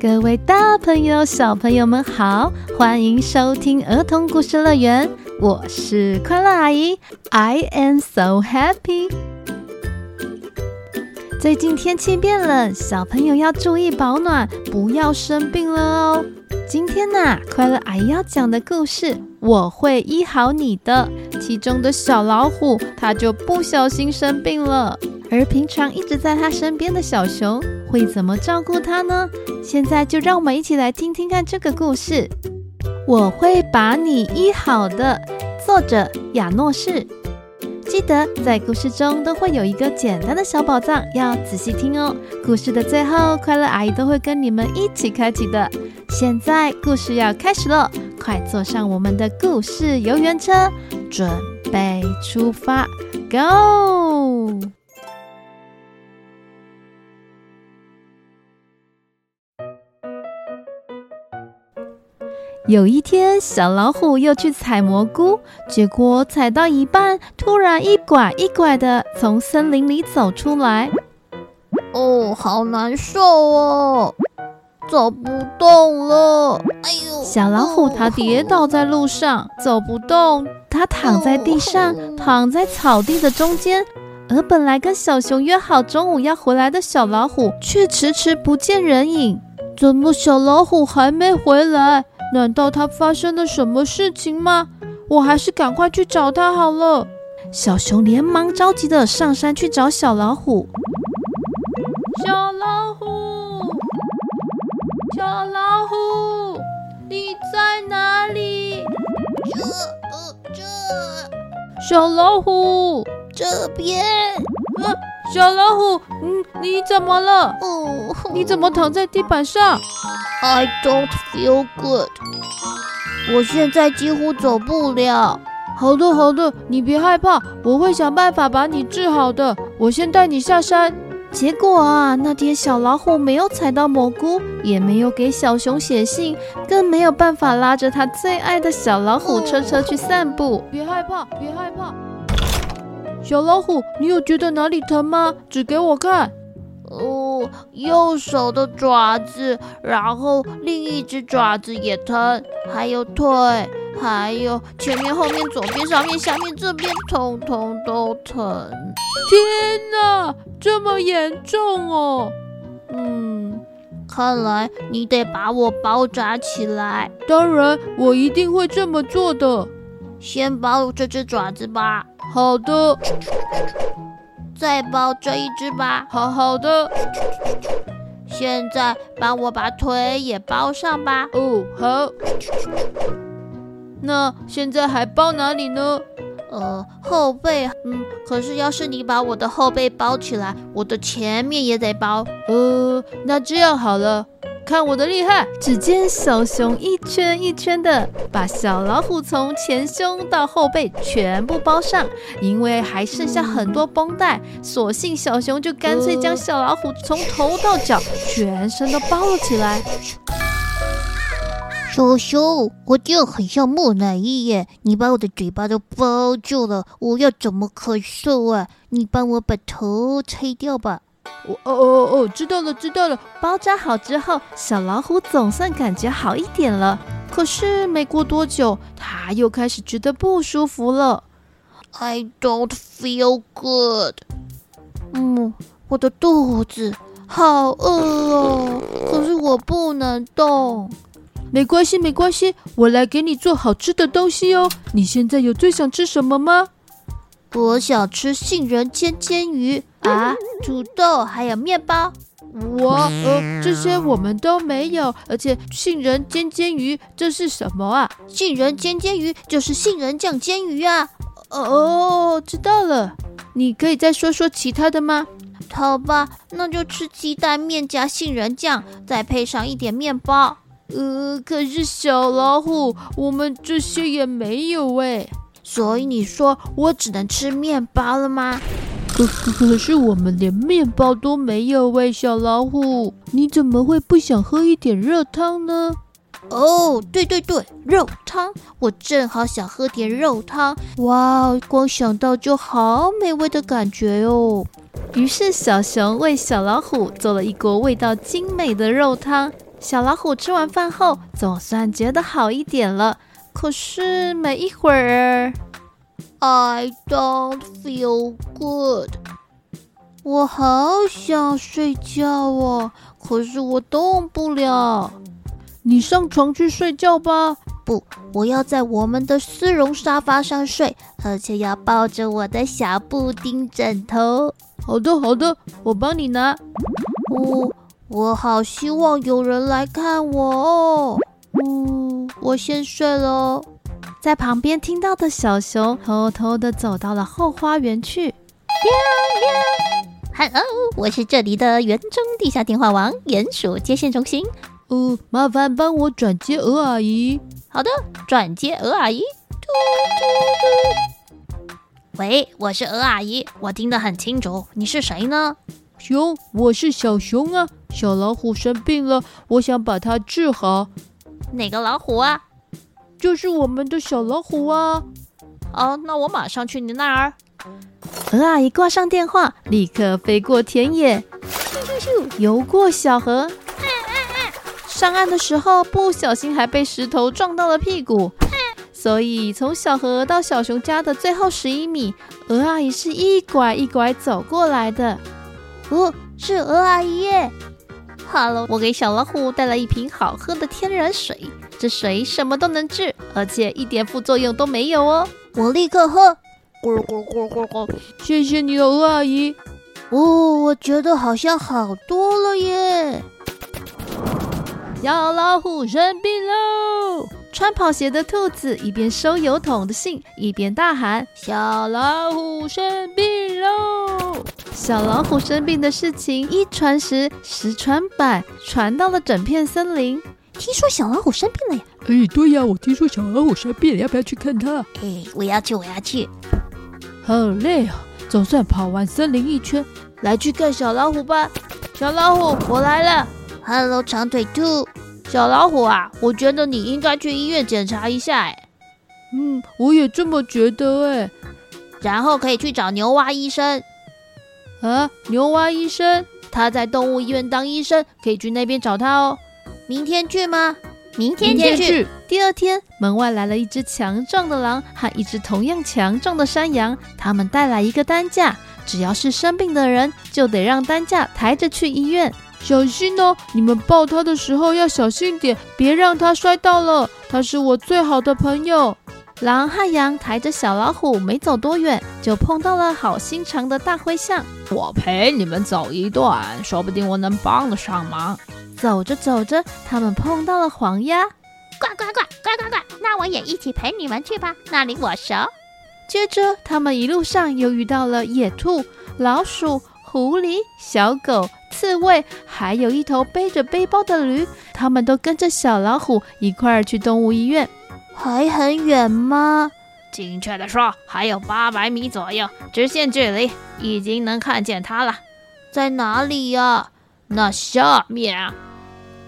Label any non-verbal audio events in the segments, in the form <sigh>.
各位大朋友、小朋友們好，歡迎收聽兒童故事樂園，我是快樂阿姨，I am so happy。最近天氣變冷，小朋友要注意保暖，不要生病了哦。今天呢、啊，快樂阿姨要講的故事，我會醫好你的。其中的小老虎，它就不小心生病了，而平常一直在它身邊的小熊。會怎麼照顧他呢？現在就讓我們一起來聽聽看這個故事。我會把你醫好的。作者雅諾士。記得在故事中都會有一個簡單的小寶藏，要仔細聽哦。故事的最後，快樂阿姨都會跟你們一起開啟的。現在故事要開始了，快坐上我們的故事遊園車，準備出發，Go！有一天，小老虎又去採蘑菇，結果採到一半，突然一拐一拐的從森林裡走出來。哦，好難受哦，走不動了！哎呦，小老虎它跌倒在路上，哦、走不動，它躺在地上，哦、躺在草地的中間。而本來跟小熊約好中午要回來的小老虎，卻遲遲不見人影。怎麼小老虎還沒回來？難道他發生了什麼事情嗎？我還是趕快去找他好了。小熊連忙着急的上山去找小老虎。小老虎，小老虎，你在哪裡？這、呃、啊、這。小老虎，這邊。啊小老虎，嗯，你怎麼了？哦，你怎麼躺在地板上？I don't feel good。我現在幾乎走不了。好的，好的，你別害怕，我會想辦法把你治好的。我先帶你下山。結果啊，那天小老虎沒有採到蘑菇，也沒有給小熊寫信，更沒有辦法拉着他最愛的小老虎車車去散步。哦，別害怕，別害怕。小老虎，你有覺得哪裡疼嗎？指給我看。哦，右手的爪子，然後另一隻爪子也疼，還有腿，還有前面、後面、左邊、上面、下面這邊，通通都疼。天哪，這麼嚴重哦！嗯，看來你得把我包紮起來。當然，我一定會這麼做的。先包這隻爪子吧。好的。再包這一隻吧。好好的。現在幫我把腿也包上吧。哦，好。那現在還包哪裡呢？呃，後背。嗯，可是要是你把我的後背包起來，我的前面也得包。呃，那這樣好了。看我的厲害！只見小熊一圈一圈的把小老虎從前胸到後背全部包上，因為還剩下很多繃帶，嗯、索性小熊就乾脆將小老虎從頭到腳、呃、全身都包了起來。小熊、熊，我就很像木乃伊耶？你把我的嘴巴都包住了，我要怎麼咳嗽啊？你幫我把頭拆掉吧。哦哦哦哦！知道了，知道了。包紮好之後，小老虎總算感覺好一點了。可是沒過多久，它又開始覺得不舒服了。I don't feel good。嗯，我的肚子好餓哦，可是我不能動。沒關係，沒關係，我來給你做好吃的東西哦。你現在有最想吃什麼嗎？我想吃杏仁煎煎魚。啊，土豆、還有麵包，我呃，這些我們都沒有，而且杏仁煎煎魚，這是什麼啊？杏仁煎煎魚就是杏仁醬煎魚啊。哦，知道了，你可以再說說其他的嗎？好吧，那就吃雞蛋麵加杏仁醬，再配上一點麵包。呃，可是小老虎，我們這些也沒有耶，所以你說我只能吃麵包了嗎？ <laughs> 可是我們連麵包都沒有餵，小老虎，你怎麼會不想喝一點熱湯呢？哦，oh, 對對對，肉湯，我正好想喝點肉湯。哇，wow, 光想到就好美味的感覺哦。於是小熊為小老虎做了一鍋味道精美的肉湯。小老虎吃完飯後，總算覺得好一點了。可是沒一會兒。I don't feel good. 我好想睡覺啊，可是我動不了。你上床去睡覺吧。不，我要在我們的絲絨沙發上睡，而且要抱着我的小布丁枕頭。好的，好的，我幫你拿。嗚、哦，我好希望有人來看我哦。嗚、嗯，我先睡了。在旁邊聽到的小熊偷偷地走到了後花園去。喵喵。哈嘍，我是這裡的園中地下電話王鼴鼠接線中心。哦、呃，麻煩幫我轉接鵝阿姨。好的，轉接鵝阿姨。嘟嘟嘟。喂，我是鵝阿姨，我聽得很清楚，你是誰呢？熊，我是小熊啊。小老虎生病了，我想把它治好。哪個老虎啊？就是我們的小老虎啊！哦、啊、那我馬上去你那兒。鵝阿姨掛上電話，立刻飛過田野，咻咻咻，游過小河，啊啊啊、上岸的時候不小心還被石頭撞到了屁股。啊、所以從小河到小熊家的最後十一米，鵝阿姨是一拐一拐走過來的。哦，是鵝阿姨耶。哈嘍，我給小老虎帶來一瓶好喝的天然水。這水什麼都能治，而且一點副作用都沒有哦！我立刻喝。咕咕咕咕咕，謝謝你的、啊、鵝阿姨。哦，我覺得好像好多了耶！小老虎生病嘍！穿跑鞋的兔子一邊收油桶的信，一邊大喊：“小老虎生病嘍！”小老虎生病的事情一傳十，十傳百，傳到了整片森林。聽說小老虎生病了呀！哎、欸，對呀，我聽說小老虎生病了，要不要去看它？哎、欸，我要去，我要去。好累啊，總算跑完森林一圈，來去看小老虎吧。小老虎，我來了。哈嘍，長腿兔。小老虎啊，我覺得你應該去醫院檢查一下。哎，嗯，我也這麼覺得哎。然後可以去找牛蛙醫生。啊，牛蛙醫生，他在動物醫院當醫生，可以去那邊找他哦。明天去嗎？明天去。明天去。第二天，門外來了一隻強壯的狼和一隻同樣強壯的山羊。他們帶來一個擔架，只要是生病的人，就得讓擔架抬着去醫院。小心哦，你們抱他的時候要小心點，別讓他摔倒了。他是我最好的朋友。狼和羊抬着小老虎，沒走多遠就碰到了好心腸的大灰象。我陪你們走一段，說不定我能幫得上忙。走着走着，他們碰到了黃鴨，呱呱呱呱呱呱。那我也一起陪你們去吧，那裡我熟。接着，他們一路上又遇到了野兔、老鼠、狐狸、小狗、刺蝟，還有一頭背着背包的驢。他們都跟着小老虎一塊兒去動物醫院。還很遠嗎？精確地說，還有八百米左右，直線距離已經能看見它了。在哪裡呀？那下面。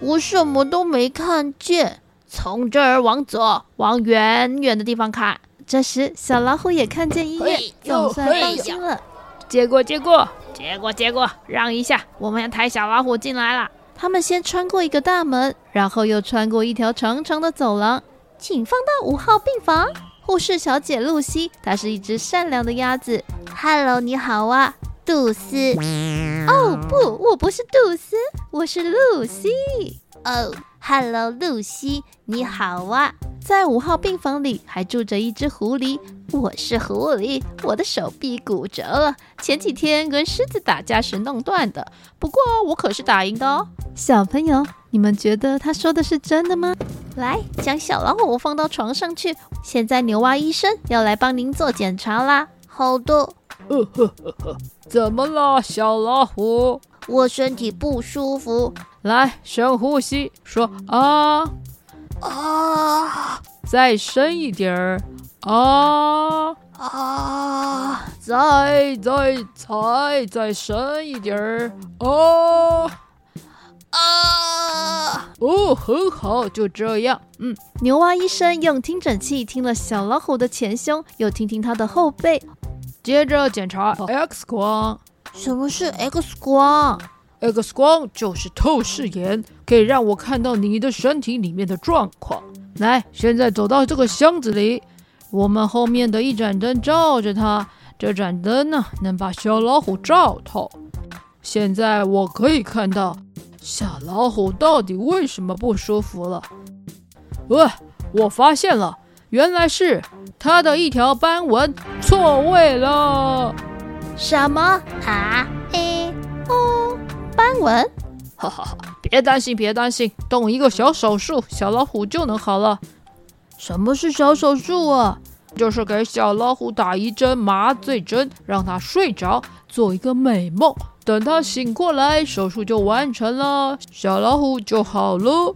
我什麼都沒看見，從這兒往左，往遠遠的地方看。這時，小老虎也看見醫院，總呦算放心了。借過，借過，借過，借過，讓一下，我們要抬小老虎進來了。他們先穿過一個大門，然後又穿過一條長長的走廊。請放到五號病房。護士小姐露西，她是一隻善良的鴨子。Hello，你好啊。杜斯？哦不，我不是杜斯，我是露西。哦，oh，Hello，露西，你好啊。在五號病房裡還住着一只狐狸。我是狐狸，我的手臂骨折了，前幾天跟獅子打架時弄斷的。不過我可是打贏的哦。小朋友，你們覺得他說的是真的嗎？來，將小老虎放到床上去。現在牛蛙醫生要來幫您做檢查啦。好的。呵呵呵呵，怎麼了，小老虎？我身體不舒服。來，深呼吸，說啊啊，再深一點兒啊啊，再再再再深一點兒啊啊，哦，很好，就這樣。嗯，牛蛙醫生用聽診器聽了小老虎的前胸，又聽聽他的後背。接着檢查 X 光。什麼是 X 光？X 光就是透視眼，可以讓我看到你的身體裡面的狀況。來，現在走到這個箱子裡，我們後面的一盞燈照着它。這盞燈呢，能把小老虎照透。現在我可以看到小老虎到底為什麼不舒服了。喂、呃，我發現了。原來是它的一條斑紋錯位了。什麼啊？誒哦，斑紋。哈哈哈哈，別擔心，別擔心，動一個小手術，小老虎就能好了。什麼是小手術啊？就是給小老虎打一針麻醉針，讓它睡着，做一個美夢。等它醒過來，手術就完成了，小老虎就好了。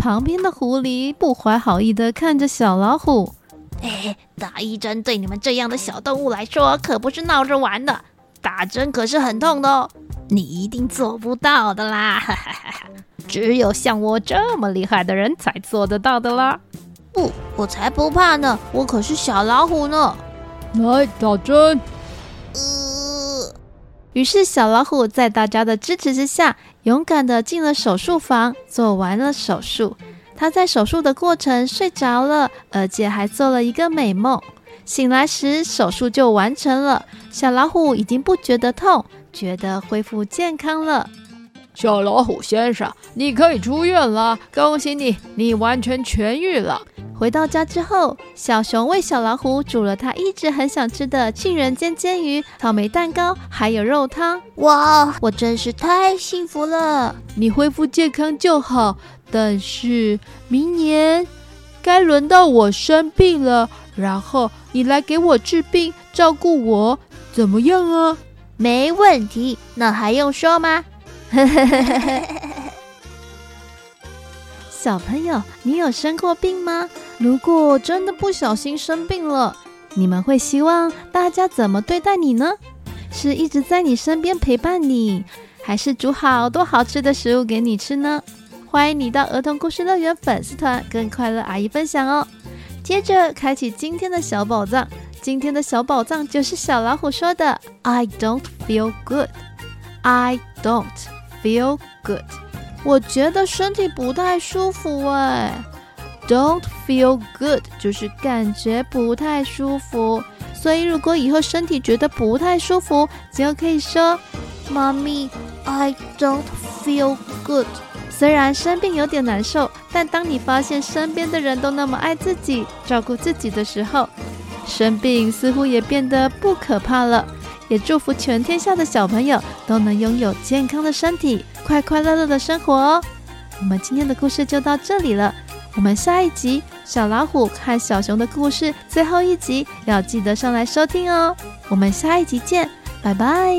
旁邊的狐狸不懷好意地看着小老虎，嘿嘿，打一針對你們這樣的小動物來說可不是鬧着玩的，打針可是很痛的哦，你一定做不到的啦，哈哈哈哈，只有像我這麼厲害的人才做得到的啦。不，我才不怕呢，我可是小老虎呢。來，打針。呃。於是小老虎在大家的支持之下。勇敢的進了手術房，做完了手術。他在手術的過程睡着了，而且還做了一個美夢。醒來時，手術就完成了。小老虎已經不覺得痛，覺得恢復健康了。小老虎先生，你可以出院了，恭喜你，你完全痊癒了。回到家之後，小熊為小老虎煮了他一直很想吃的杏仁煎煎魚、草莓蛋糕，還有肉湯。哇，我真是太幸福了！你恢復健康就好，但是明年該輪到我生病了，然後你來給我治病、照顧我，怎麼樣啊？沒問題，那還用說嗎？ <laughs> 小朋友，你有生過病嗎？如果真的不小心生病了，你們會希望大家怎麼對待你呢？是一直在你身邊陪伴你，還是煮好多好吃的食物給你吃呢？歡迎你到兒童故事樂園粉絲團跟快樂阿姨分享哦。接着開啟今天的小寶藏，今天的小寶藏就是小老虎說的：“I don't feel good. I don't。” Feel good，我覺得身體不太舒服哎。Don't feel good，就是感覺不太舒服。所以如果以後身體覺得不太舒服，就可以說“媽咪，I don't feel good”。雖然生病有點難受，但當你發現身邊的人都那麼愛自己、照顧自己的時候，生病似乎也變得不可怕了。也祝福全天下的小朋友都能擁有健康的身體，快快樂樂的生活哦。我們今天的故事就到這裡了，我們下一集《小老虎和小熊的故事》最後一集要記得上來收聽哦。我們下一集見，拜拜。